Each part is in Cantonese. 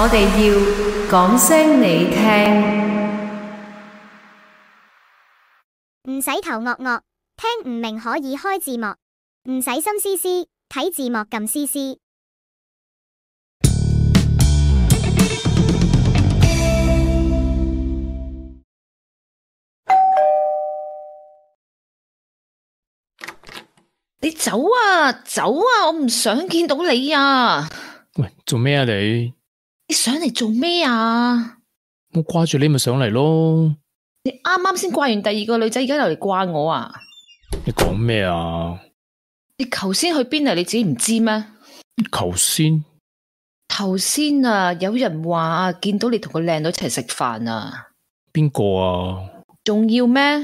我哋要講聲你聽，唔使頭惡惡，聽唔明可以開字幕，唔使心思思，睇字幕噉思思。你走啊，走啊，我唔想見到你啊！喂，做咩啊你？你上嚟做咩啊？我掛住你咪上嚟咯。你啱啱先掛完第二個女仔，而家又嚟掛我啊？你講咩啊？你頭先去邊啊？你自己唔知咩？頭先？頭先啊，有人話啊，見到你同個靚女一齊食飯啊。邊個啊？仲要咩？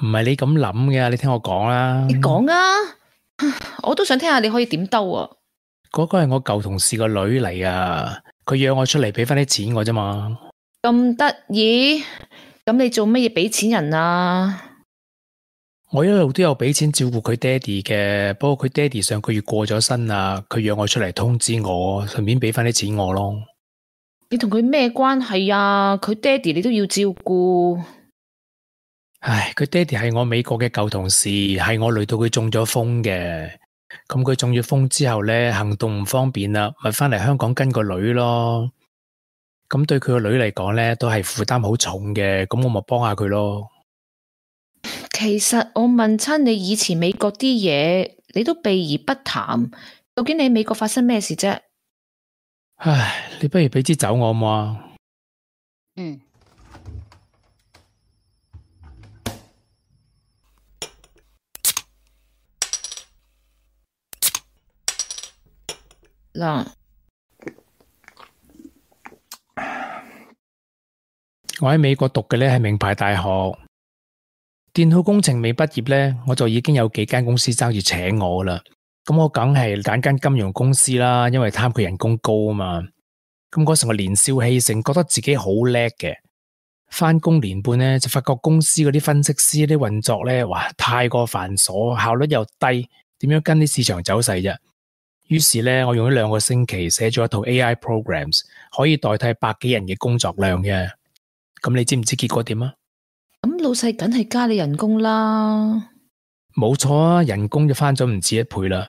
唔係你咁諗嘅，你聽我講說啊！你講啊！我都想聽下你可以點兜啊！嗰個係我舊同事個女嚟啊！佢約我出嚟畀翻啲錢我啫嘛。咁得意，咁你做乜嘢畀錢人啊？我一路都有畀錢照顧佢爹哋嘅，不過佢爹哋上個月過咗身啊。佢約我出嚟通知我，順便畀翻啲錢我咯。你同佢咩關係啊？佢爹哋你都要照顧。唉，佢爹哋係我美國嘅舊同事，係我累到佢中咗風嘅。咁佢中咗風之後咧，行動唔方便啦，咪翻嚟香港跟個女咯。咁對佢個女嚟講咧，都係負擔好重嘅。咁我咪幫下佢咯。其實我問親你以前美國啲嘢，你都避而不談。究竟你喺美國發生咩事啫？唉，你不如俾支酒我嘛。嗯。我喺美國讀嘅呢係名牌大學，電腦工程。未畢業呢，我就已經有幾間公司爭住請我啦。咁我梗係揀間金融公司啦，因為貪佢人工高啊嘛。咁嗰時我年少氣盛，覺得自己好叻嘅。翻工年半呢，就發覺公司嗰啲分析師啲運作呢，哇，太過繁瑣，效率又低，點樣跟啲市場走勢啫？於是咧，我用咗兩個星期寫咗一套 AI programs，可以代替百幾人嘅工作量嘅。咁、嗯、你知唔知結果點啊？咁、嗯、老細梗係加你人工啦。冇錯啊，人工就翻咗唔止一倍啦，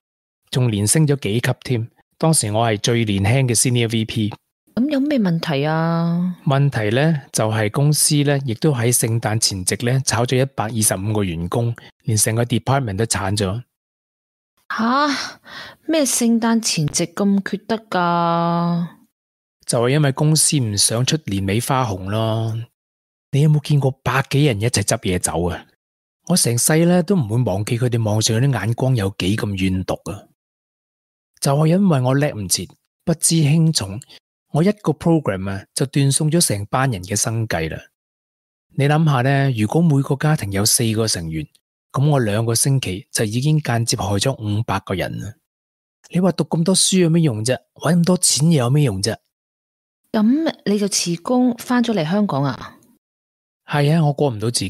仲連升咗幾級添。當時我係最年輕嘅 Senior VP。咁、嗯、有咩問題啊？問題咧就係、是、公司咧亦都喺聖誕前夕咧炒咗一百二十五個員工，連成個 department 都慘咗。吓咩？聖誕前夕咁缺德噶，就係因為公司唔想出年尾花紅咯。你有冇見過百幾人一齊執嘢走啊？我成世咧都唔會忘記佢哋網上嗰啲眼光有幾咁怨毒啊！就係因為我叻唔切，不知輕重，我一個 program 啊就斷送咗成班人嘅生計啦。你諗下咧，如果每個家庭有四個成員。咁我兩個星期就已經間接害咗五百個人啦！你話讀咁多書有咩用啫？搵咁多錢又有咩用啫？咁你就辭工翻咗嚟香港啊？係啊，我過唔到自己。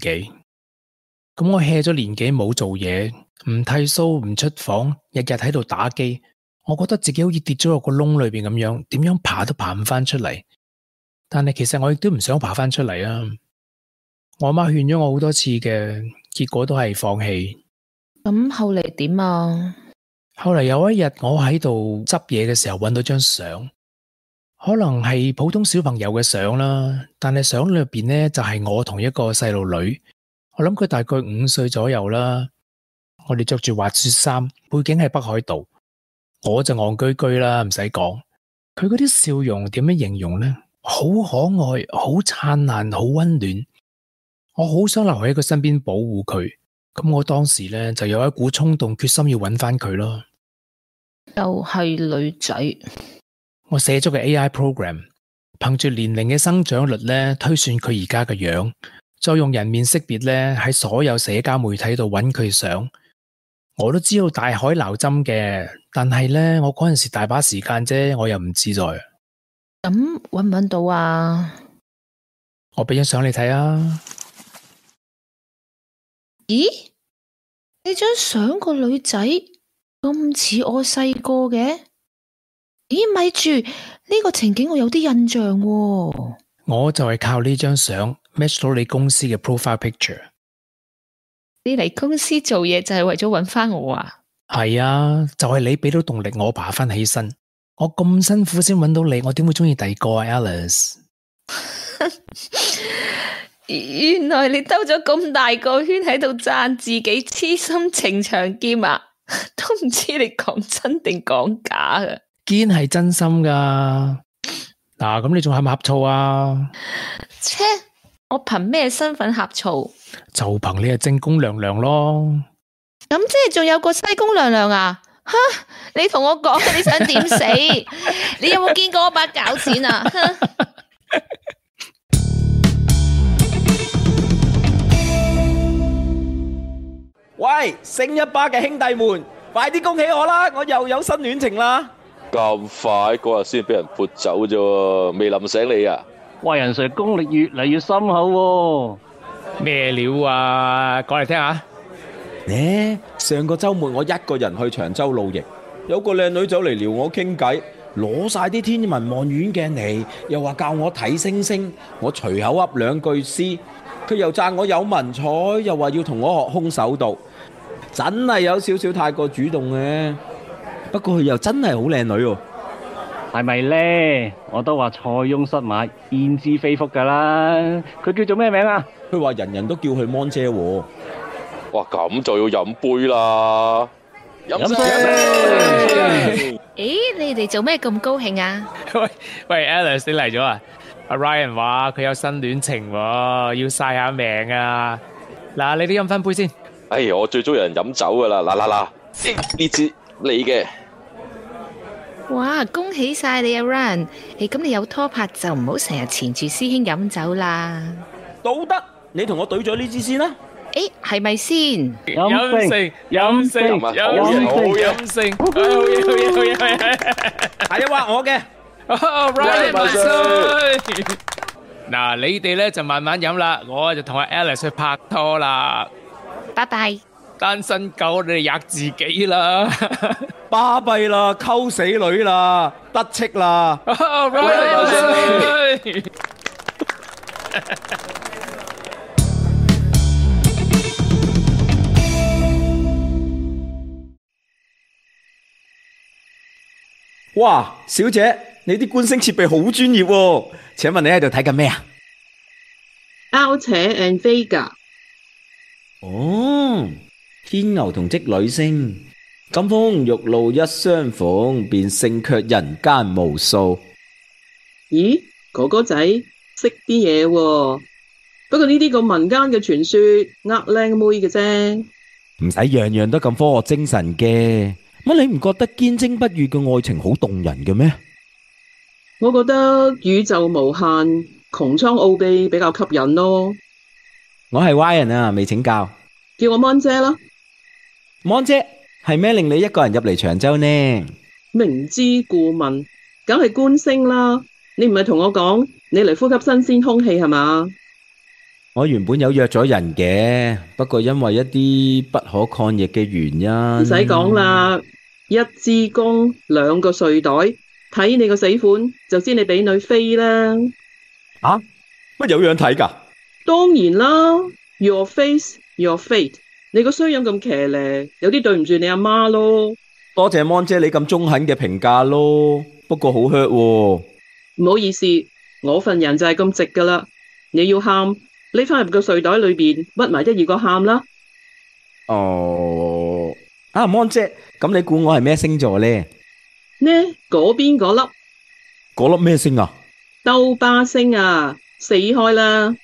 咁我 hea 咗年幾冇做嘢，唔剃鬚唔出房，日日喺度打機。我覺得自己好似跌咗入個窿裏邊咁樣，點樣爬都爬唔翻出嚟。但係其實我亦都唔想爬翻出嚟啊！我阿媽勸咗我好多次嘅。結果都係放棄。咁後嚟點啊？後嚟有一日，我喺度執嘢嘅時候，揾到張相，可能係普通小朋友嘅相啦。但係相裏邊呢，就係我同一個細路女，我諗佢大概五歲左右啦。我哋着住滑雪衫，背景係北海道，我就戇居居啦，唔使講。佢嗰啲笑容點樣形容呢？好可愛，好燦爛，好溫暖。我好想留喺佢身邊保護佢，咁我當時咧就有一股衝動，決心要揾翻佢咯。又係女仔。我寫咗個 AI program，憑住年齡嘅生長率咧推算佢而家嘅樣，再用人面識別咧喺所有社交媒體度揾佢相。我都知道大海撈針嘅，但係咧我嗰陣時大把時間啫，我又唔自在。咁揾唔揾到啊？我俾張相你睇啊！咦？你張相個女仔咁似我細個嘅，咦咪住？呢、這個情景我有啲印象、哦。我就係靠呢張相 match 到你公司嘅 profile picture。你嚟公司做嘢就係為咗揾翻我啊？係啊，就係、是、你俾到動力我，我爬翻起身。我咁辛苦先揾到你，我點會中意第二個啊，Alice？ 原來你兜咗咁大個圈喺度讚自己痴心情長劍啊，都唔知你講真定講假嘅。劍係真，真心噶。嗱，咁你仲呷唔呷醋啊？切，啊，我憑咩身份呷醋？就憑你係正宮娘娘咯。咁即係仲有個西宮娘娘啊？哈，你同我講你想點死？ 你有冇見過我把鉸剪啊？ 喂，星一吧嘅兄弟們，快啲恭喜我啦！我又有新戀情啦！咁快嗰日先俾人撥走啫，未淋醒你啊！喂，人 Sir 功力越嚟越深厚，咩料啊？講嚟聽下。誒，上個周末我一個人去長洲露營，有個靚女走嚟撩我傾偈，攞晒啲天文望遠鏡，嚟又話教我睇星星，我隨口噏兩句詩。佢又讚我有文采，又話要同我學空手道，真係有少少太過主動嘅。不過佢又真係好靚女喎，係咪咧？我都話塞翁失馬，焉知非福㗎啦。佢叫做咩名啊？佢話人人都叫佢芒姐喎。哇，咁就要飲杯啦。飲先。誒，你哋做咩咁高興啊？喂喂，Alice，你嚟咗啊？阿 Ryan 話佢有新戀情喎，要晒下命啊！嗱，你哋飲翻杯先。哎，我最中意人飲酒噶啦！嗱嗱嗱，先呢支你嘅。哇，恭喜晒你阿 Ryan！誒，咁你有拖拍就唔好成日纏住師兄飲酒啦。道德，你同我懟咗呢支先啦。誒，係咪先？飲勝，飲勝，飲勝，冇飲勝。係要挖我嘅。嗱，你哋咧就慢慢飲啦，我就同阿 Alice 去拍拖啦。拜拜，單身狗你哋吔自己啦，巴閉啦，溝死女啦，得戚啦。哇，小姐。你啲觀星設備好專業喎，請問你喺度睇緊咩啊？Altair and Vega，哦，天牛同織女星，金風玉露一相逢，便勝卻人間無數。咦，哥哥仔識啲嘢，不過呢啲個民間嘅傳說，呃靚妹嘅啫，唔使樣樣都咁科學精神嘅。乜你唔覺得堅貞不渝嘅愛情好動人嘅咩？我覺得宇宙無限、穹蒼奧秘比較吸引咯。我係歪人啊，未請教，叫我芒姐啦。芒姐係咩令你一個人入嚟長洲呢？明知故問，梗係觀星啦。你唔係同我講你嚟呼吸新鮮空氣係嘛？我原本有約咗人嘅，不過因為一啲不可抗力嘅原因。唔使講啦，一支公兩個睡袋。睇你個死款就知你俾女飛啦。啊，乜有樣睇噶？當然啦，Your face, your fate。你個衰樣咁騎咧，有啲對唔住你阿媽咯。多謝芒姐你咁中肯嘅評價咯，不過好 hurt。唔好意思，我份人就係咁直噶啦。你要喊，你翻入個睡袋裏邊，屈埋一二個喊啦。哦，啊芒姐，咁你估我係咩星座咧？呢嗰邊嗰粒，嗰粒咩星啊？刀疤星啊，死開啦！